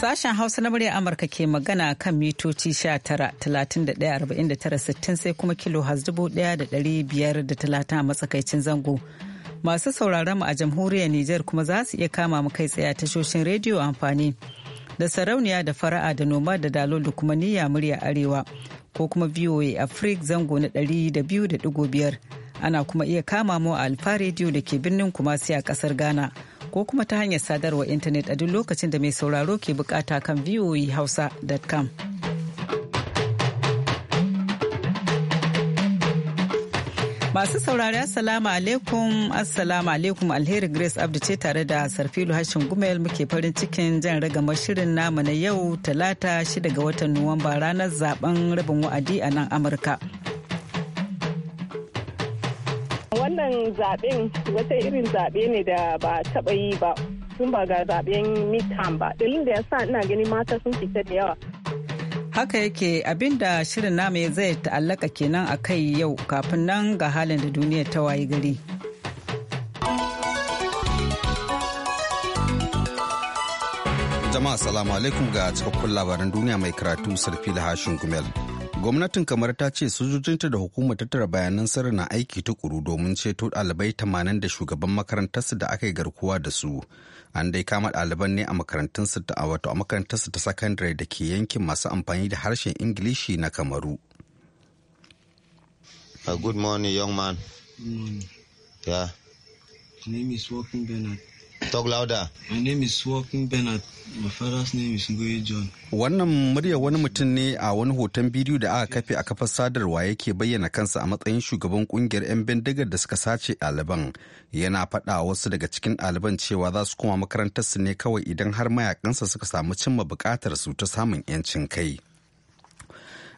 Sashen Hausa na murya Amurka ke magana kan mitoci sittin sai kuma kilo da talata a matsakaicin zango. Masu sauraron mu a jamhuriyar Nijar kuma za su iya kama mu kai tsaye tashoshin rediyo amfani da sarauniya da fara'a da noma da dalo da kuma niyya murya arewa ko kuma VOA Africa zango na 200.5 ana kuma iya kama mu a alfa rediyo da ke birnin kumasi a kasar ghana ko kuma ta hanyar sadarwa intanet a duk lokacin da mai sauraro ke bukata kan voahausa.com masu saurari assalamu alaikum assalamu alaikum alheri grace abdu ce tare da sarfilu hashin gumel muke farin cikin jan ragama shirin namu na yau talata 6 ga watan nuwamba ranar zaben rabin wa'adi a nan amurka Wannan zaben wata irin zaɓe ne da ba taɓa yi ba sun ba ga zaɓen midterm ba. Dalilin da ya sa ina gani mata sun fita da yawa. Haka yake abin da shirin namu zai ta'allaka kenan a kai yau kafin nan ga halin da duniya ta wayi gari. Jama'a salamu alaikum ga cikakkun labaran duniya mai karatu sarfi da hashin gumel. gwamnatin kamar ta ce sojojinta da hukumar tattara bayanan sirri na aiki tukuru domin ceto ɗalibai tamanin da shugaban makarantarsu da aka yi garkuwa da su an dai kama ɗaliban ne a su ta wato a makarantar su ta sakandare da ke yankin masu amfani da harshen ingilishi na kamaru a uh, good morning young man mm. name is Walking Bernard. Talk louder. My name is Walking Bernard. My father's name is Ngoye John. Wannan murya wani mutum ne a wani hoton bidiyo da aka kafe a kafar sadarwa yake bayyana kansa a matsayin shugaban kungiyar 'yan bindigar da suka sace ɗaliban. Yana faɗa wasu daga cikin ɗaliban cewa za su koma makarantarsu ne kawai idan har mayakansa suka samu cimma buƙatar su ta samun 'yancin kai.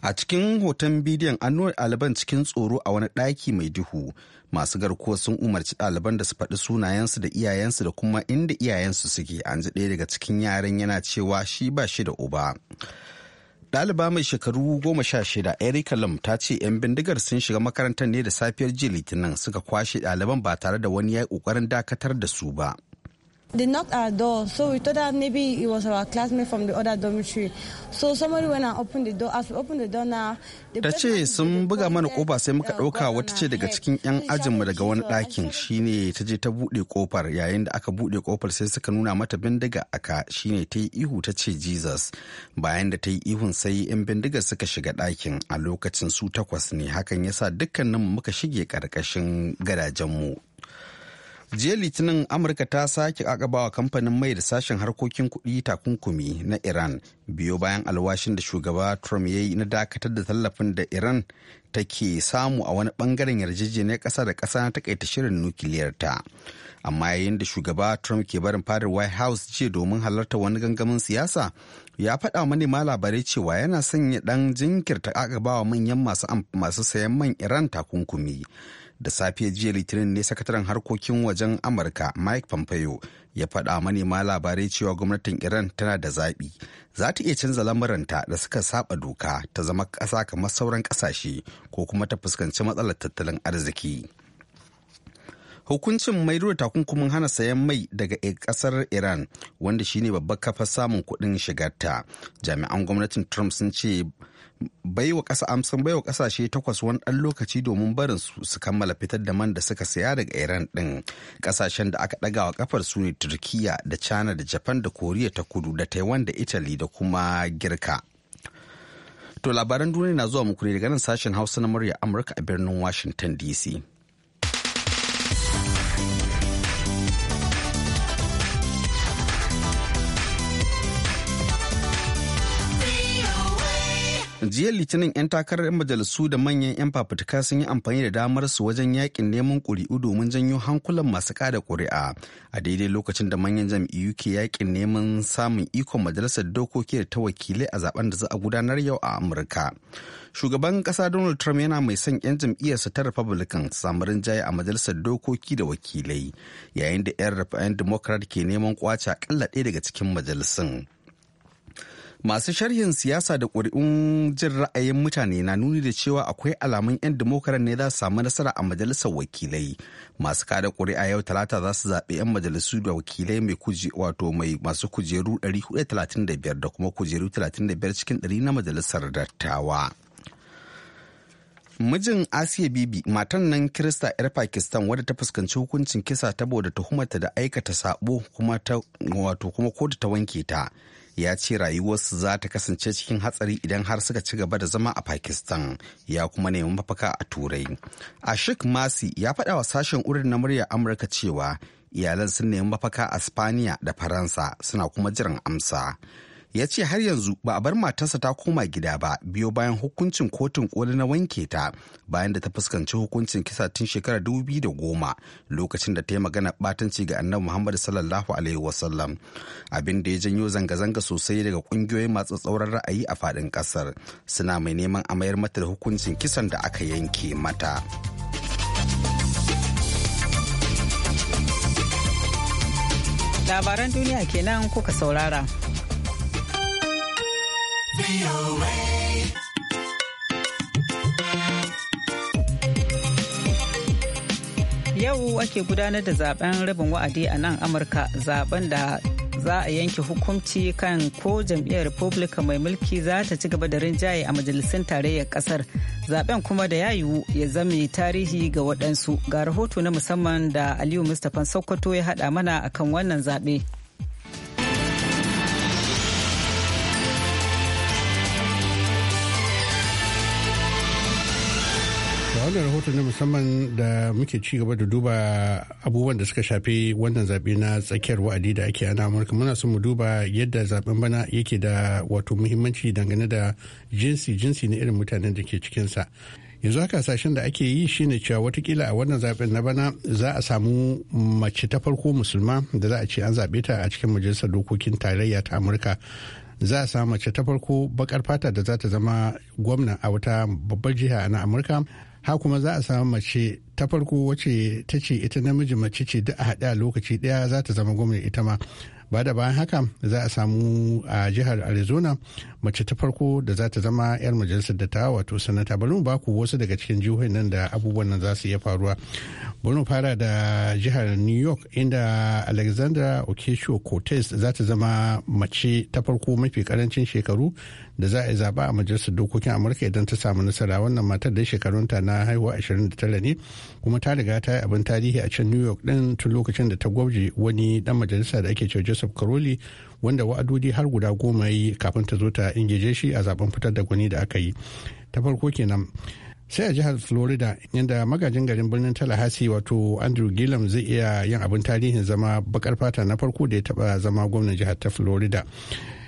a cikin hoton bidiyon an nuna ɗaliban cikin tsoro a wani ɗaki mai duhu masu garkuwa sun umarci ɗaliban da su faɗi sunayensu da iyayensu da kuma inda iyayensu suke an ji ɗaya daga cikin yaran yana cewa shi ba shi da uba ɗaliba mai shekaru goma sha shida erika lam ta ce 'yan bindigar sun shiga makarantar ne da safiyar jiya litinin suka kwashe ɗaliban ba tare da wani ya yi ƙoƙarin dakatar da su ba They knocked our door, so we thought that maybe it was our classmate from the other dormitory. So somebody went and opened the door. As we opened the door now, ta ce sun buga mana kofa sai muka uh, ɗauka wata ce daga cikin 'yan ajinmu daga wani ɗakin shine ta je ta buɗe kofar yayin da aka buɗe kofar sai suka nuna mata bindiga aka shine ta yi ihu ta ce jesus bayan da ta yi ihun sai 'yan bindigar suka shiga ɗakin a lokacin su takwas ne hakan yasa dukkaninmu muka shige ƙarƙashin gadajenmu jiya litinin amurka ta sake akabawa kamfanin mai da sashen harkokin kuɗi takunkumi na iran biyo bayan alwashin da shugaba trump ya yi na dakatar da tallafin da iran ta ke samu a wani bangaren yarjejeniyar ƙasa da ƙasa na takaita shirin nukiliyar ta amma yayin da shugaba trump ke barin fadar white house ce domin halarta wani gangamin siyasa ya faɗa manema labarai cewa yana sanya ya ɗan jinkirta akabawa manyan masu sayan man iran takunkumi da safiya jiya litinin ne sakataren harkokin wajen amurka mike pompeo ya faɗa manema labarai cewa gwamnatin iran tana da zaɓi za ta iya canza lamuranta da suka saba doka ta zama ƙasa kamar sauran ƙasashe ko kuma ta fuskanci matsalar tattalin arziki hukuncin mai da takunkumin hana sayan mai daga e-, ƙasar iran wanda shine babbar kafar samun kuɗin shigarta jami'an gwamnatin trump sun ce wa ƙasa amsan baiwa ƙasashe takwas wani ɗan lokaci domin barin su kammala fitar da man da suka saya daga iran ɗin ƙasashen da aka ɗaga wa kafar su ne turkiya da china da japan da koriya ta kudu da taiwan da italy da kuma girka to labaran duniya na zuwa muku ne daga nan sashen hausa na murya amurka a birnin washington dc jiya litinin 'yan takarar 'yan majalisu da manyan 'yan fafutuka sun yi amfani da damar su wajen yakin neman ƙuri'u domin janyo hankulan masu kada ƙuri'a a daidai lokacin da manyan jam'iyyu ke yakin neman samun ikon majalisar dokoki da ta wakilai a zaben da za a gudanar yau a amurka shugaban kasa donald trump yana mai son 'yan jam'iyyarsa ta republican su samu rinjaye a majalisar dokoki da wakilai yayin da 'yan democrat ke neman kwace akalla ɗaya daga cikin majalisun. Masu sharhin siyasa da ƙuri'un jin ra'ayin mutane na nuni da cewa akwai alamun 'yan demokaran ne za su samu nasara a majalisar wakilai. Masu kada ƙuri'a yau talata za su zaɓi 'yan majalisu da wakilai mai kuje wato mai masu kujeru 435 da kuma kujeru 35 cikin 100 na majalisar dattawa. Mijin Asiya Bibi, matan nan Kirista 'yar Pakistan wadda ta fuskanci hukuncin kisa saboda tuhumarta da aikata sabo kuma ta wato kuma kotu ta wanke ta. ya ce rayuwarsu za ta kasance cikin hatsari idan har suka ci gaba da zama a pakistan ya kuma neman mafaka a turai ashik masi ya faɗa wa sashen urin na muryar amurka cewa iyalan sun nemi mafaka a spaniya da faransa suna kuma jiran amsa ya ce har yanzu ba a bar matarsa ta koma gida ba biyo bayan hukuncin kotun koli na wanke ta bayan da ta fuskanci hukuncin kisa tun shekarar goma lokacin da ta yi magana batanci ga annabi muhammad sallallahu alaihi wasallam abin da ya janyo zanga-zanga sosai daga kungiyoyin masu tsauran ra'ayi a fadin kasar suna mai neman a mayar mata da hukuncin kisan da aka yanke mata. labaran duniya kenan kuka saurara. Yau ake gudanar da zaben rabin wa'adi a nan Amurka zaben da za a yanke hukunci kan ko jam'iyyar Republican mai mulki za ta ci gaba da rinjaye a majalisun tarayyar kasar zaben kuma da ya yiwu ya zame tarihi ga waɗansu ga rahoto na musamman da Aliyu Mustapha Sokoto ya haɗa mana akan wannan zaɓe. wannan rahoton na musamman da muke ci gaba da duba abubuwan da suka shafi wannan zaɓe na tsakiyar wa'adi da ake ana amurka muna son mu duba yadda zaɓen bana yake da wato muhimmanci dangane da jinsi jinsi na irin mutanen da ke cikinsa yanzu haka hasashen da ake yi shine cewa watakila a wannan zaɓen na bana za a samu mace ta farko musulma da za a ce an zaɓe ta a cikin majalisar dokokin tarayya ta amurka za a samu mace ta farko bakar fata da za ta zama gwamna a wata babbar jiha na amurka ha kuma za a samu mace ta farko wacce ta ce ita namiji mace ce duk a haɗe a lokaci ɗaya za ta zama gwamnati ita ma ba da bayan haka za a samu a jihar arizona mace ta farko da za ta zama 'yar majalisar da ta wato sanata bari mu baku wasu daga cikin jihohin nan da abubuwan nan za su iya faruwa bari mu fara da jihar new york inda alexandra ocasio cortez za ta zama mace ta farko mafi karancin shekaru da za a zaba a majalisar dokokin amurka idan ta samu nasara wannan matar da shekarunta na haihuwa 29 ne kuma ta riga ta yi abin tarihi a can new york din tun lokacin da ta gwabje wani dan majalisa da ake cewa joseph caroli wanda wa'adodi har guda goma yi kafin ta zo ta ingije shi a zaben fitar da gwani da aka yi ta farko kenan sai a jihar florida yadda magajin garin birnin tallahassee wato andrew gillam zai iya yin abin tarihin zama bakar fata na farko da ya taba zama gwamnan jihar ta florida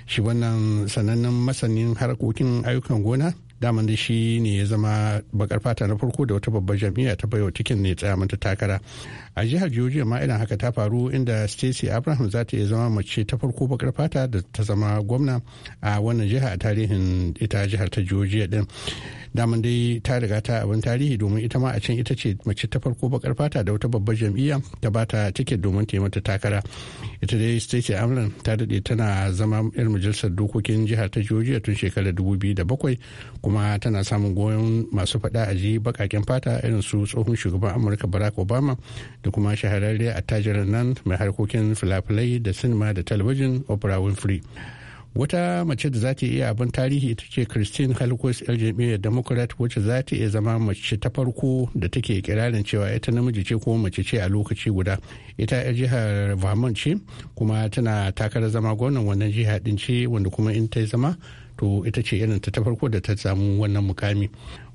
shi wannan sanannen masanin harkokin ayyukan gona daman da shi ne ya zama bakar fata na farko da wata babbar jam'iyya ta bayo cikin ne tsaya mata takara a jihar georgia ma irin haka ta faru inda stacy abraham za ta iya zama mace ta farko bakar fata da ta zama gwamna a wannan jiha a tarihin ita jihar ta georgia din daman dai ta riga ta abin tarihi domin ita ma a can ita ce mace ta farko bakar fata da wata babbar jam'iyya ta ba ta tiket domin ta yi mata takara ita dai stacy abraham ta dade tana zama yar majalisar dokokin jihar ta georgia tun shekarar bakwai kuma tana samun goyon masu faɗa a ji bakaken fata irin su tsohon shugaban amurka barack obama da kuma shahararre a tajirin nan mai harkokin filafilai da sinima da talabijin opera winfrey wata mace da za ta iya abin tarihi ita ce christine halkos yar jam'iyyar democrat wacce za ta iya zama mace ta farko da take kirarin cewa ita namiji ce ko mace ce a lokaci guda ita yar jihar vermont ce kuma tana takarar zama gwamnan wannan jiha din ce wanda kuma in ta zama to ita ce irin ta farko da ta samu wannan mukami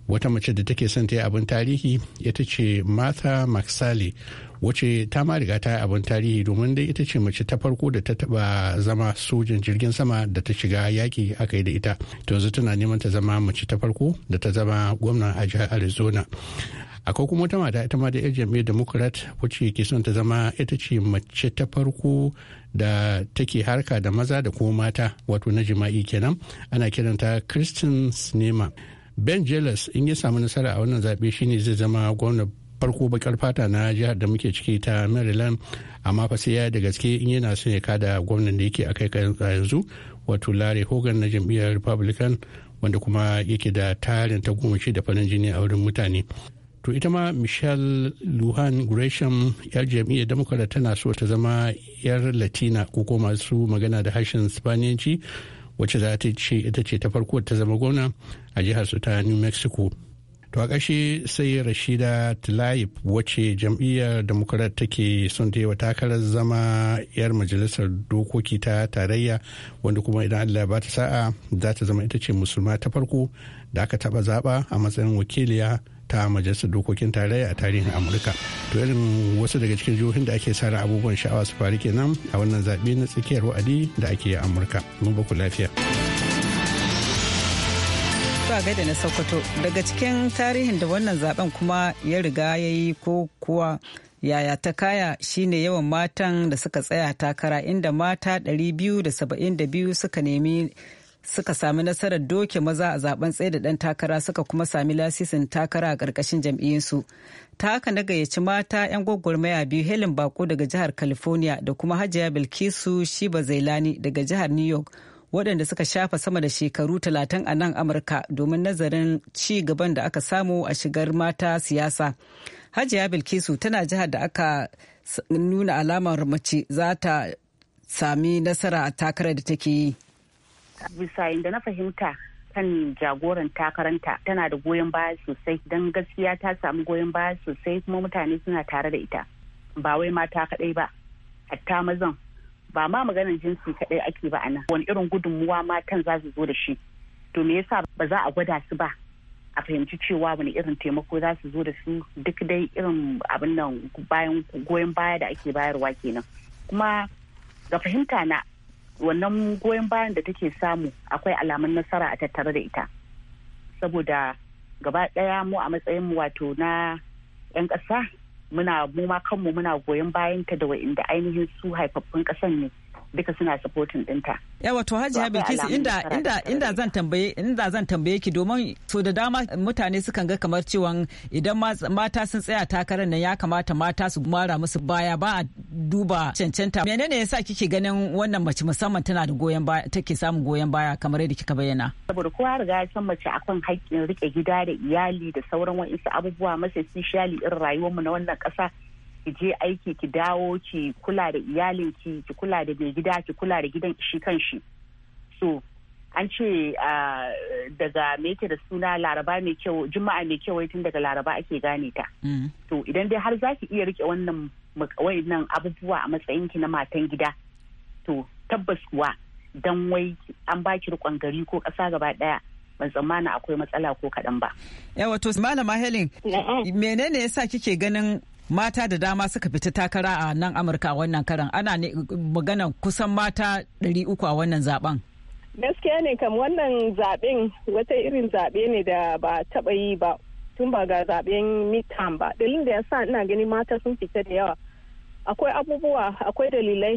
wata mace da take son ta yi abin tarihi ita ce martha maxali wacce ta ma riga ta yi abin tarihi domin dai ita ce mace ta farko da ta taba zama sojin jirgin sama da ta shiga yaki aka yi da ita to yanzu tana neman ta zama mace ta farko da ta zama gwamna a jihar arizona akwai kuma wata mata ita ma da yar jam'iyyar democrat wacce ke son ta zama ita ce mace ta farko da take harka da maza da kuma mata wato na jima'i kenan ana kiranta kristin sinema ben jealous in ya samu nasara a wannan zaɓe shine zai zama gwamna farko bakar fata na jihar da muke ciki ta maryland amma fa sai ya da gaske in yana son ya kada gwamnan da yake akai kan yanzu wato larry hogan na jam'iyyar republican wanda kuma yake da tarin ta goma shi da farin jini a wurin mutane to ita ma michelle luhan gresham yar jam'iyyar democrat tana so ta zama yar latina ko kuma su magana da harshen spaniyanci wacce za ta ce ita ce ta farko ta zama gwamna a jihar su ta new mexico to a ƙashe sai rashida tlaib wacce jam'iyyar democrat take son ta yi wa takarar zama 'yar majalisar dokoki ta tarayya wanda kuma idan allah ba ta sa'a za ta zama ita ce musulma ta farko da aka taɓa zaɓa a matsayin wakiliya ta majalisar dokokin tarayya a tarihin amurka to irin wasu daga cikin jihohin da ake sara abubuwan sha'awa su faru kenan a wannan zaɓe na tsakiyar wa'adi da ake yi a amurka mun baku lafiya ga da na sokoto daga cikin tarihin da wannan zaben kuma ya riga ya yi ko kuwa yaya ta kaya shine yawan matan da suka tsaya takara inda mata 272 suka nemi suka sami nasarar doke maza a zaben tsaye da ɗan takara suka kuma sami lasisin takara a ƙarƙashin jam'iyyinsu ta haka na gayyaci mata 'yan gwagwarmaya biyu helen bako daga jihar california da kuma hajiya bilkisu shiba zailani daga jihar new york waɗanda suka shafa sama da shekaru talatin a nan amurka domin nazarin ci gaban da aka samu a shigar mata siyasa hajiya bilkisu tana jihar da aka nuna alamar mace za ta sami nasara a takarar da take yi bisa inda na fahimta kan jagoran takaranta tana da goyon baya sosai don gaskiya ta samu goyon baya sosai kuma mutane suna tare da ita ba wai mata kadai ba hatta mazan ba ma maganar jinsi kaɗai ake ba a nan wani irin gudunmuwa matan za su zo da shi to me yasa ba za a gwada su ba a fahimci cewa wani irin taimako za su zo da su duk dai irin abin nan bayan goyon baya da ake bayarwa kenan kuma ga fahimta na wannan goyon bayan da take samu akwai alamun nasara a tattare da ita saboda gaba ɗaya mu a matsayin mu wato na 'yan ƙasa muna mu ma kanmu muna goyon bayan ta da wa'inda ainihin su haifaffun ƙasan ne duka suna supporting dinta. Yawa to Hajiya Bilkisu inda zan tambaye inda zan tambaye ki domin so da dama mutane sukan ga kamar cewa idan mata sun tsaya takarar nan ya kamata mata su mara musu baya ba a duba cancanta. Menene yasa kike ganin wannan mace musamman tana da goyon baya take samun goyon baya kamar yadda kika bayyana? Saboda kowa riga ya san mace akan haƙƙin rike gida da iyali da sauran wa'insu abubuwa masu shali irin rayuwarmu na wannan ƙasa ki je aiki ki dawo ki kula da iyalinki ki Ki kula da mai gida ki kula da gidan shi kan shi so an ce daga me da suna laraba mai kyau juma'a mai kyau tun daga laraba ake gane ta mm. to idan dai har zaki iya rike wannan nan abubuwa a matsayin ki na matan gida to tabbas kuwa dan wai an baki rikon gari ko kasa gaba daya ban tsammana akwai matsala ko kaɗan ba. Yawa to malama Helen menene yasa kike ganin mata da dama suka fita takara a nan amurka wannan karan ana magana kusan mata 300 a wannan zaben gaskiya ne kam wannan zaben wata irin zabe ne da ba taɓa yi ba tun ba ga zaben midterm ba dalilin da ya sa ina gani mata sun fita da yawa akwai abubuwa akwai dalilai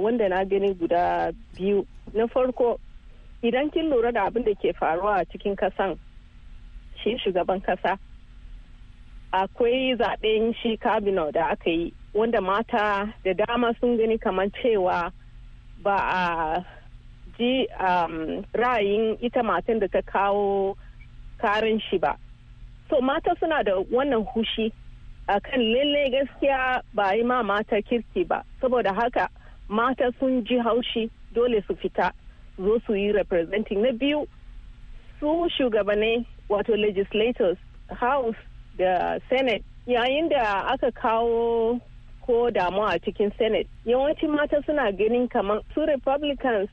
wanda na gani guda biyu na farko idan kin lura da abin da ke faruwa a cikin kasan shi shugaban kasa akwai zaben shi kabino da aka yi wanda mata da dama sun gani kamar cewa ba a ji um, ra'ayin ita matan da ta kawo karin shi ba so mata suna da wannan hushi a kan lalle gaskiya ba yi ma mata kirki ba saboda haka mata sun ji haushi dole su fita zo su yi representing na biyu su shugabanni wato legislators house da senate yayin da aka kawo ko damuwa a cikin senate yawancin mata suna ganin kamar su republicans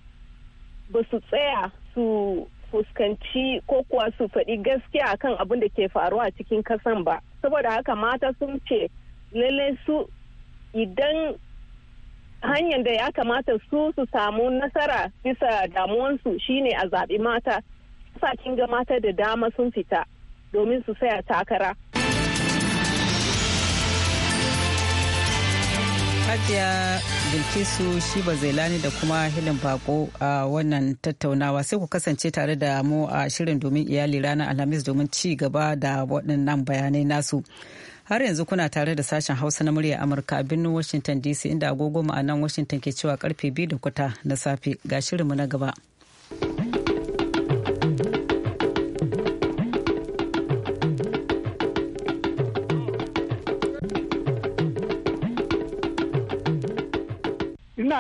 ba su tsaya su fuskanci ko kuwa su faɗi gaskiya kan abin da ke faruwa a cikin kasan ba saboda haka mata sun ce lallai su idan hanyar da ya kamata su su samu nasara bisa damuwansu shine a zaɓi mata sakin ga mata da dama sun fita domin su saya takara. Hajiya Bilkisu zai Zailani da kuma Hilin Bako a wannan tattaunawa sai ku kasance tare da mu a shirin domin iyali ranar Alhamis domin ci gaba da waɗannan bayanai nasu. Har yanzu kuna tare da sashen Hausa na murya Amurka a birnin Washington DC inda agogo ma'anan Washington ke cewa karfe biyu da kuta na safe ga shirinmu na gaba.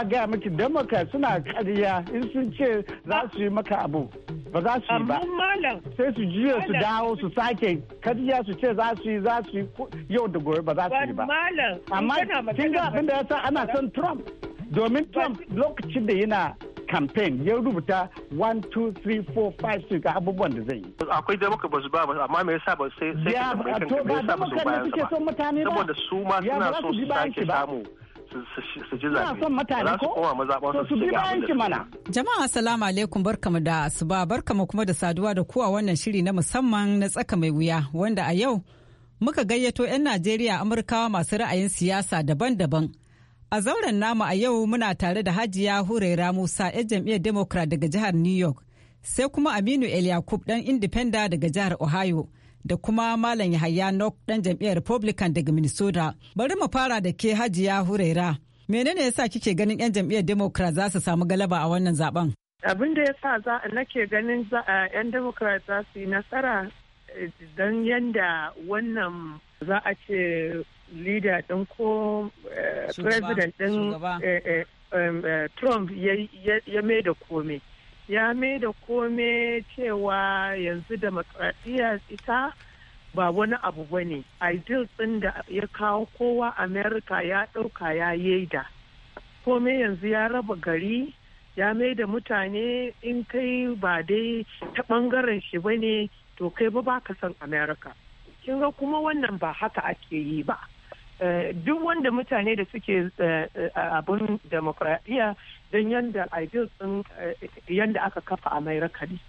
ina gaya miki damaka suna kariya in sun ce za su yi maka abu ba za su yi ba sai su jiya su dawo su sake kariya su ce za su yi za su yi yau da gobe ba za su yi ba amma kin ga abin da ya sa ana son trump domin trump lokacin da yana campaign ya rubuta 1 2 3 4 5 6 abubuwan da zai yi akwai da muka basu ba amma me yasa ba sai sai ya to ba da muka ne suke son mutane ba saboda su ma suna so su sake samu su ji zaɓe. son mutane ko? Ba su koma su bi mana. Jama'a assalamu alaikum barkamu da asuba barkamu kuma da saduwa da kuwa wannan shiri na musamman na tsaka mai wuya wanda a yau muka gayyato 'yan Najeriya Amurkawa masu ra'ayin siyasa daban-daban. A zauren namu a yau muna tare da Hajiya Huraira Musa 'yan jam'iyyar Democrat daga jihar New York sai kuma Aminu El Yakub ɗan indifenda daga jihar Ohio. da kuma Malam Yahaya Nok ɗan jam'iyyar Republican daga Minnesota. Bari mu fara da ke Hajiya Huraira. Menene yasa kike ganin 'yan jam'iyyar Democrat za su samu galaba a wannan zaben? Abin da yasa za nake ganin 'yan eh, Democrat za su yi nasara eh, don yanda wannan za a ce leader ɗin ko eh, president ɗin um, Trump ya mai da komai. ya mai da kome cewa yanzu demokradiyya ita ba wani abu ba ne ideal ɗin da ya kawo kowa Amerika ya ɗauka ya yaida kome yanzu ya raba gari ya mai da mutane in kai ba dai ta ɓangaren shi ba ne to kai ba baka san america kin ga kuma wannan ba haka ake yi ba eh, duk wanda mutane da suke eh, eh, abin demokradiyya don yadda ideal ɗin eh, yadda aka kafa a mai rakali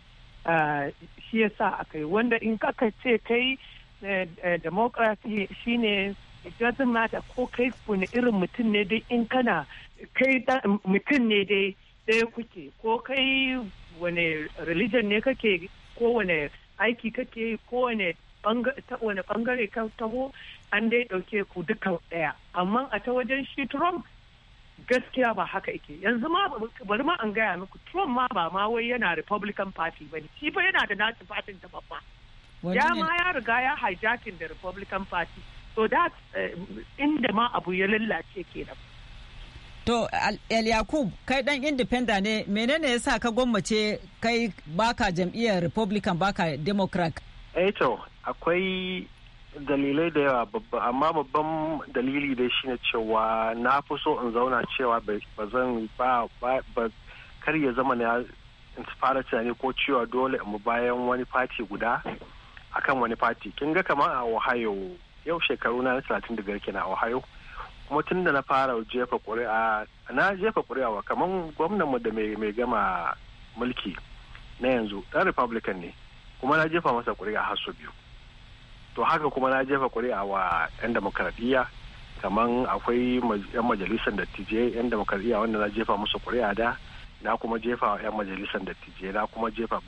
shi ya sa aka yi wanda in aka ce kai eh, eh, democracy shi ne doesn't matter ko kai wani irin mutum ne dai in kana kai mutum ne dai ɗaya kuke ko kai wane religion ne kake ko wane aiki kake ko wane bangare ka taho an dai ɗauke ku duka ɗaya amma a ta wajen shi trump gaskiya ba haka yake yanzu ma bari ma an gaya muku Trump ma ba ma wai yana Republican Party ba ne shi ba yana da nasu fatin da babba ya ma ya riga ya hijacking da Republican Party so that eh, inda ma abu ya lallace kenan To, El Yakub, kai dan independa ne, menene yasa ka gwammace kai baka jam'iyyar Republican baka Democrat? Eh to, akwai dalilai da yawa amma babban dalili dai shine cewa na fi so in zauna cewa ba zan ba kar ya zama na fara tunani ko cewa dole mu bayan wani fati guda akan wani fati kin ga kamar a ohio yau shekaru na talatin da biyar ohio kuma tun da na fara jefa ƙuri'a na jefa ƙuri'a wa kamar mu da mai gama mulki na yanzu dan republican ne kuma na jefa masa ƙuri'a har biyu to haka kuma na jefa kuri'a wa 'yan demokradiyya kamar akwai 'yan majalisar dattijai 'yan demokradiyya wanda na jefa musu kuri'a da na kuma jefa wa 'yan majalisar dattijai na kuma jefa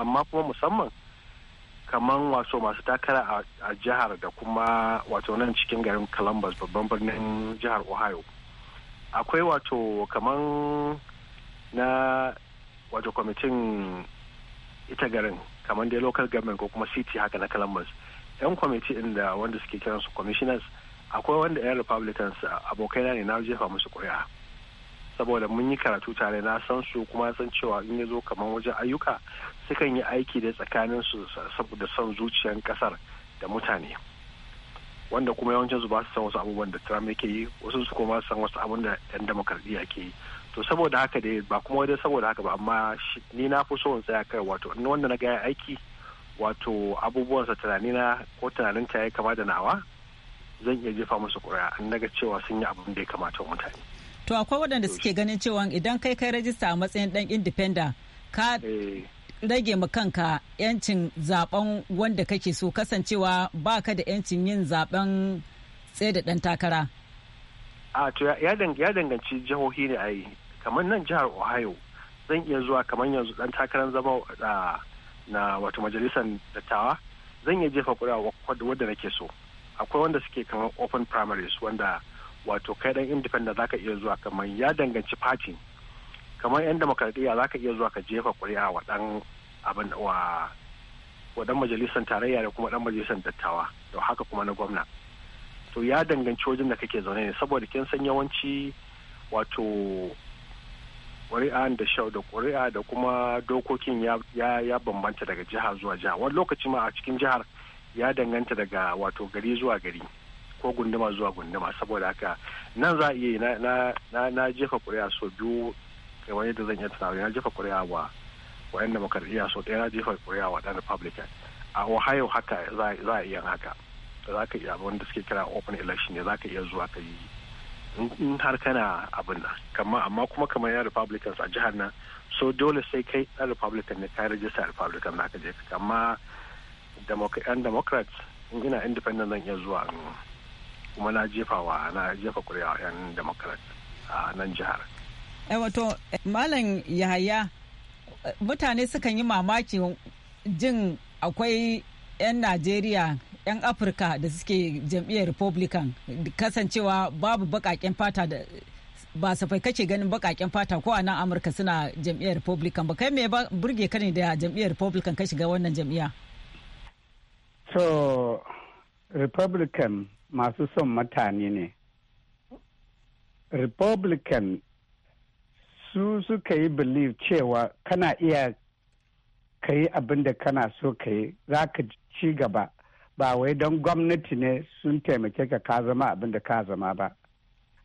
amma kuma musamman kamar wato masu takara a jihar da kuma wato nan cikin garin columbus babban birnin jihar ohio akwai wato kamar na wato kwamitin ita garin kamar dai local government ko kuma city haka na columbus yan kwamiti din da wanda suke kiran su commissioners akwai wanda yan republicans abokaina ne na jefa musu ƙuri'a saboda mun yi karatu tare na san su kuma san cewa in ya zo kamar wajen ayyuka sukan yi aiki da tsakanin su saboda son zuciyan kasar da mutane wanda kuma yawancin su ba su san wasu abubuwan da Trump yake yi wasu su kuma san wasu abun da yan demokradiyya ke yi to saboda haka dai ba kuma wajen saboda haka ba amma ni na fi so in tsaya kai wato in wanda na gaya aiki wato abubuwansa na ko tunanin ta ya kama da nawa zan iya jefa musu kura an daga cewa sun yi abin da ya kamata mutane. To akwai waɗanda suke ganin cewa idan kai kai rajista a matsayin ɗan indifenda ka eh. rage ma kanka yancin zaben wanda kake so kasancewa ba ka da yancin yin zaben tsaye da ɗan takara. A to ya danganci jihohi ne a yi kamar nan jihar Ohio zan iya zuwa kamar yanzu ɗan takarar zama na wato majalisar dattawa zan iya jefa kuri'a wadda nake so akwai wanda suke kamar open primaries wanda wato kai dan independent zaka iya zuwa kamar ya danganci party kamar yan demokradiyya zaka iya zuwa ka jefa kuri'a wa dan abin wa wa majalisar tarayya da kuma dan majalisar dattawa da haka kuma na gwamna to ya danganci wajen da kake zaune ne saboda kin san yawanci wato ƙuri'a da shau da ƙuri'a da kuma dokokin ya bambanta daga jiha zuwa jiha wani lokaci ma a cikin jihar ya danganta daga wato gari zuwa gari ko gunduma zuwa gunduma saboda haka nan za a iya na jefa ƙuri'a sau biyu kamar yadda zan iya tunawa na jefa ƙuri'a wa wa'yan demokradiyya sau ɗaya na jefa ƙuri'a wa ɗan republican a ohio haka za a iya haka za ka iya wanda suke kira open election ne za ka iya zuwa ka yi in har kana abin nan kamar amma kuma kamar yan republicans a jihar nan so dole sai kai dan republican ne kai rajista republican na ka je amma yan democrats in ina independent zan iya zuwa kuma na jefa wa na jefa kuri'a yan democrats a nan jihar eh, wato malam yahaya eh, mutane sukan yi mamaki jin akwai 'yan najeriya 'yan afirka da suke jam'iyyar republican kasancewa babu bakaken fata da ba safai kake ganin bakaken fata ko a nan amurka suna jam'iyyar republican ba kai me ba burge ka da jam'iyyar republican ka shiga wannan jam'iyya so republican masu son mutane ne republican su suka yi believe cewa kana iya kayi yi abin da kana so ka yi za ka ci gaba ba wai don gwamnati ne sun taimake ka ka zama abin da ka zama ba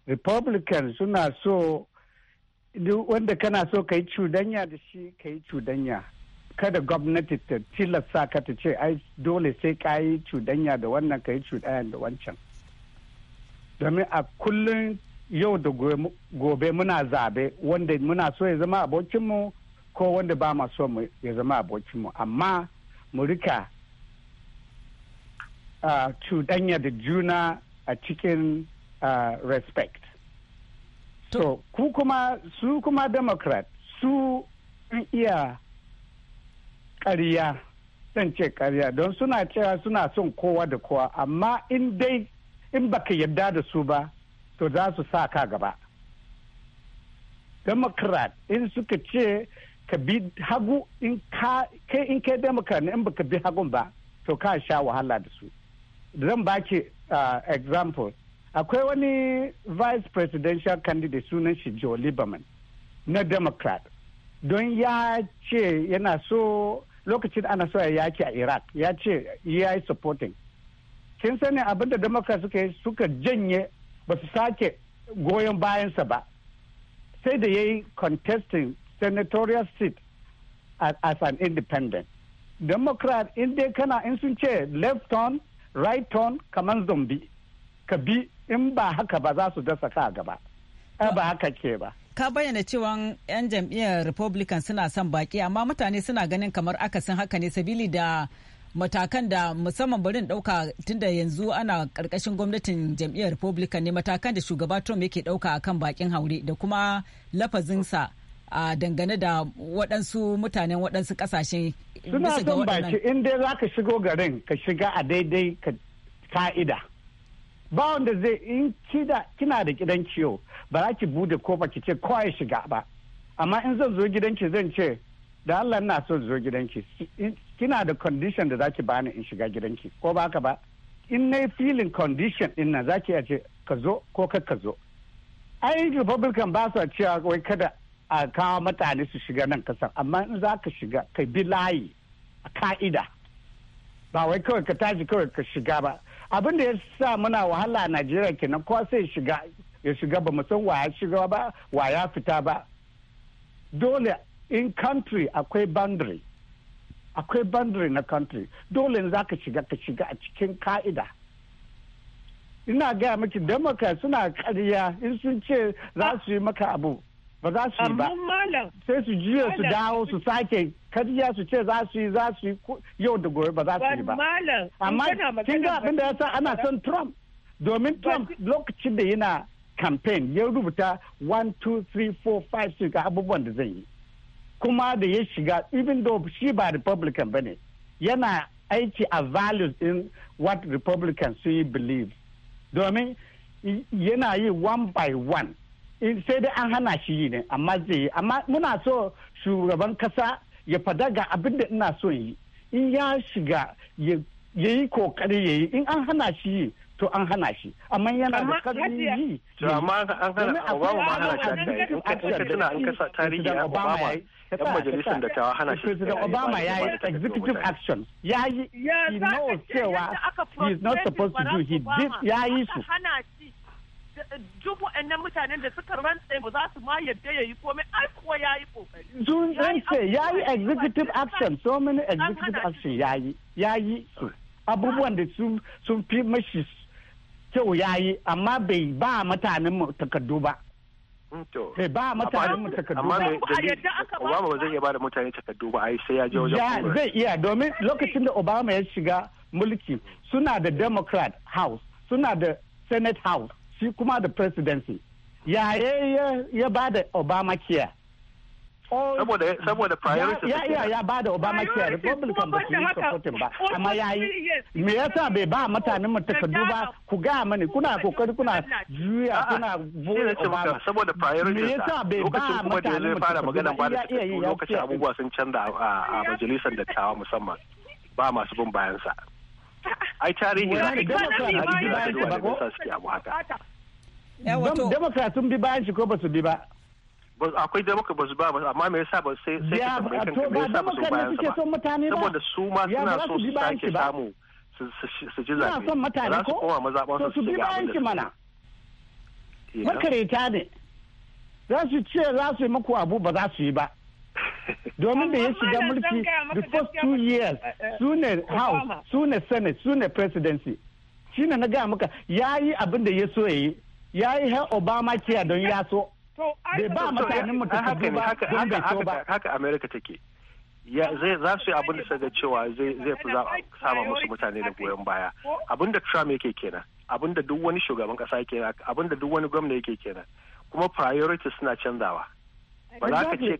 republican suna so wanda kana so ka yi cudanya da shi ka yi cudanya kada gwamnati ta tilasta ka ta ce ai dole sai ka yi cudanya da wannan ka yi cudanya da wancan domin a kullum yau da gobe muna zabe wanda muna so ya zama abokinmu ko wanda ba ma so ya zama abokinmu amma mu rika cuɗanya da juna a cikin respect so ku kuma su kuma democrat su sun iya ƙarya zan ce ƙarya don suna cewa suna son kowa da kowa amma in dai in baka yarda da su ba to za su sa ka gaba democrat in suka ce ka bi hagu in ka in kai democrat in baka bi hagun ba to ka sha wahala da su zan baki uh, example akwai wani vice presidential candidate sunan shi joe lieberman na democrat don ya ce yana so lokacin ana so ya yaki a iraq ya ce ya yi supporting kin sani abinda democrat suka suka janye ba su sake goyon bayansa ba sai da ya yi contesting senatorial seat as an independent democrat in dai kana in sun ce left on right turn kamar zombi ka bi in ba haka ba za su dasa ka gaba ba haka ke ba ka bayyana cewa 'yan jam'iyyar republican suna son baki amma mutane suna ganin kamar akasin haka ne sabili da matakan da musamman barin dauka tunda yanzu ana karkashin gwamnatin jam'iyyar republican ne matakan da shugaba trump yake dauka akan bakin haure da kuma lafazinsa a dangane da waɗansu mutanen waɗansu ƙasashe suna son baki in dai za ka shigo garin ka shiga a daidai ka'ida ba wanda zai in kina da gidan ciwo ba za ki bude kofa ki ce kawai shiga ba amma in zan zo gidanki zan ce da Allah na so zo gidanki kina da condition da zaki bani in shiga gidanki ko ba haka ba in na feeling condition din nan zaki ya ce ka zo ko ka ka zo ai republican ba su cewa wai kada a kawo mutane su shiga nan kasar amma in za ka shiga ka bi layi a ka'ida ba wai kawai ka tashi kawai ka shiga ba abin da ya sa muna wahala a najeriya kenan ko sai shiga ya shiga ba san wa ya shiga ba wa ya fita ba dole in country akwai boundary akwai boundary na country dole za ka shiga ka shiga a cikin ka'ida ina gaya miki democrat suna karya in sun ce za su yi maka abu ba za su yi ba sai su jiya su dawo su sake kadiya su ce za su yi za su yi yau da gobe ba za su yi ba amma kin ga abin da ya sa ana son trump domin trump lokacin da yana campaign ya rubuta 1 2 3 4 5 6 abubuwan da zai yi kuma da ya shiga even though shi ba republican bane yana aiki a values in what republicans sun yi believe domin yana yi one by one Eh, sai dai an hana shi yi ne amma zai yi amma muna so shugaban kasa ya fada ga abin da ina so yi in ya shiga ya yi kokari ya yi in an hana shi yi to an hana shi amma yana da karfi yi to amma an hana Obama ma hana shi in ka tana an kasa tarihi na Obama yan majalisar da dattawa hana shi President Obama ya yi executive action ya yi he knows cewa he is not supposed to do he did ya yi su dubu waɗannan mutanen da suka rantse ba za su ma yadda ya yi komai ai kuwa ya yi kokari. rantse ya yi executive action so many executive action ya yi ya yi su abubuwan da sun fi mashi kyau ya yi amma bai ba mutanen mu takardu ba. Hmm, bai ba mutanen mu takardu ba. Obama ba zai iya ba da mutane takardu ba ai sai ya je wajen Zai iya domin lokacin da Obama ya shiga mulki suna da Democrat House suna da Senate House shi kuma da presidency ya ya ba da obamacare saboda saboda priority ya ya ba da obamacare republican ba su yi supporting ba amma ya yi me yasa bai ba mutanen mu takardu ba ku ga mani kuna kokari kuna juya kuna vote obama saboda priority me yasa bai ba mutanen mu fara magana ba da lokacin abubuwa sun canza a majalisar dattawa musamman ba masu bin bayansa ai tarihi na kai democrat sun bi bayan shi ko ba su bi ba akwai democrat ba su ba ba amma me yasa ba sai sai ka tambaye kanka me yasa ba su bayan ba saboda su ma suna so su sake samu su ji zabe suna son mutane koma su su bi bayan shi mana makareta ne za su ce za su yi maku abu ba za su yi ba domin da ya shiga mulki the first two years su ne eh, eh, house su ne senate su ne presidency shi na gaya maka ya yi abin da ya so ya yi ya yi har obama kiya don ya so bai ba mutanen mutum ba don bai so ba haka america take za su yi abin da ga cewa zai fi sama musu mutane da goyon baya abin da trump yake kenan abin da duk wani shugaban kasa yake abin da duk wani gwamna yake kenan kuma priorities suna canzawa ba za ka ce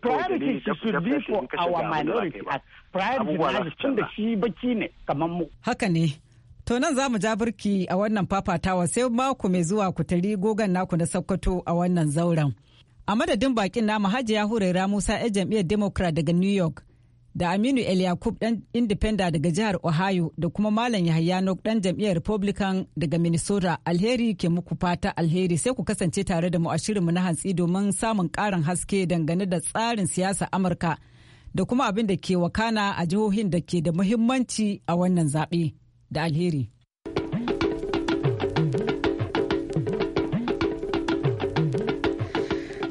kawai minority priority shi baki ne mu haka ne To nan za mu ja birki a wannan fafatawa sai mako mai zuwa ku tari gogan naku na Sokoto a wannan zauren. A madadin bakin namu Hajiya Huraira Musa 'yan jam'iyyar Democrat daga New York da Aminu El Yakub dan Independa daga jihar Ohio da kuma Malam Yahaya Nok dan jam'iyyar Republican daga Minnesota alheri ke muku fata alheri sai ku kasance tare da mu a shirinmu na hantsi domin samun karin haske dangane da tsarin siyasa Amurka da kuma abin da ke wakana a jihohin da ke da muhimmanci a wannan zaɓe da alheri.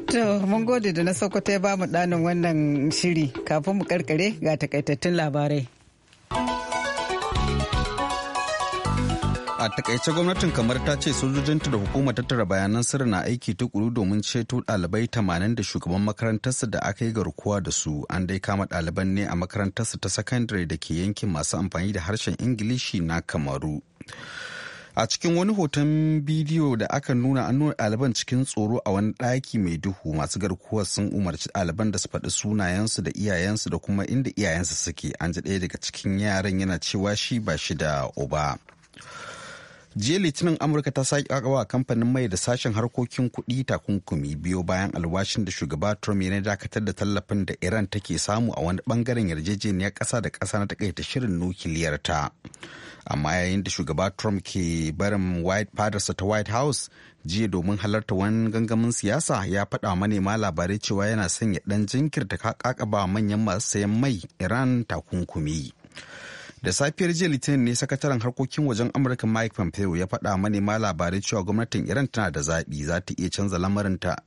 To, mun gode da na Sokoto ya bamu ɗanin wannan shiri kafin mu karkare ga takaitattun labarai. A takaice gwamnatin kamar ta ce sojojinta da hukumar tattara bayanan sirri na aiki tukuru domin ceto ɗalibai tamanin da shugaban makarantarsa da aka yi garkuwa da su an dai kama ɗaliban ne a makarantarsa ta sakandare da ke yankin masu amfani da harshen Ingilishi na Kamaru. a cikin wani hoton bidiyo da aka nuna an nuna ɗaliban cikin tsoro a wani ɗaki mai duhu masu garkuwa sun umarci ɗaliban da su faɗi sunayensu da iyayensu da kuma inda iyayensu suke an ji ɗaya daga cikin yaran yana cewa shi ba shi da uba jiya litinin amurka ta sake wa kamfanin mai da sashen harkokin kuɗi takunkumi biyo bayan alwashin da shugaba trump ya dakatar da tallafin da iran take samu a wani bangaren yarjejeniyar ƙasa da ƙasa na takaita shirin nukiliyar ta amma yayin da shugaba trump ke barin white fadarsa ta white house jiya domin halarta wani gangamin siyasa ya faɗa manema labarai cewa yana son ya ɗan jinkirta kakaba manyan masu sayan mai iran takunkumi da safiyar jiya litinin ne sakataren harkokin wajen amurka mike pompeo ya faɗa manema labarai cewa gwamnatin iran tana da zaɓi za ta iya canza lamarinta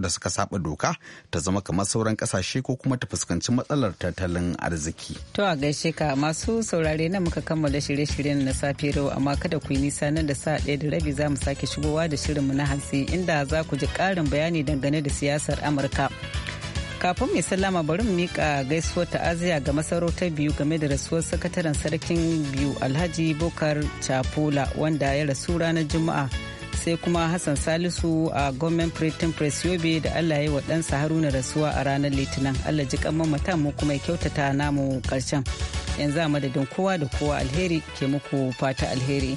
da suka saba doka ta zama kamar sauran kasashe ko kuma ta fuskanci matsalar tattalin arziki. To a gaishe ka masu saurare na muka kammala shirye-shiryen na safe yau amma kada ku yi nisa nan da sa ɗaya da rabi za mu sake shigowa da shirinmu na hantsi inda za ku ji ƙarin bayani dangane da siyasar Amurka. kafin mai sallama bari mu mika gaisuwar ta'aziya ga masarautar biyu game da rasuwar sakataren sarkin biyu alhaji bukar chapula wanda ya rasu ranar juma'a sai kuma hassan salisu a gomen pretin press yobe da allah ya yi wa ɗansa haruna rasuwa a ranar litinin allah ji kan mamata mu kuma kyautata namu karshen yanzu a madadin kowa da kowa alheri ke muku fata alheri.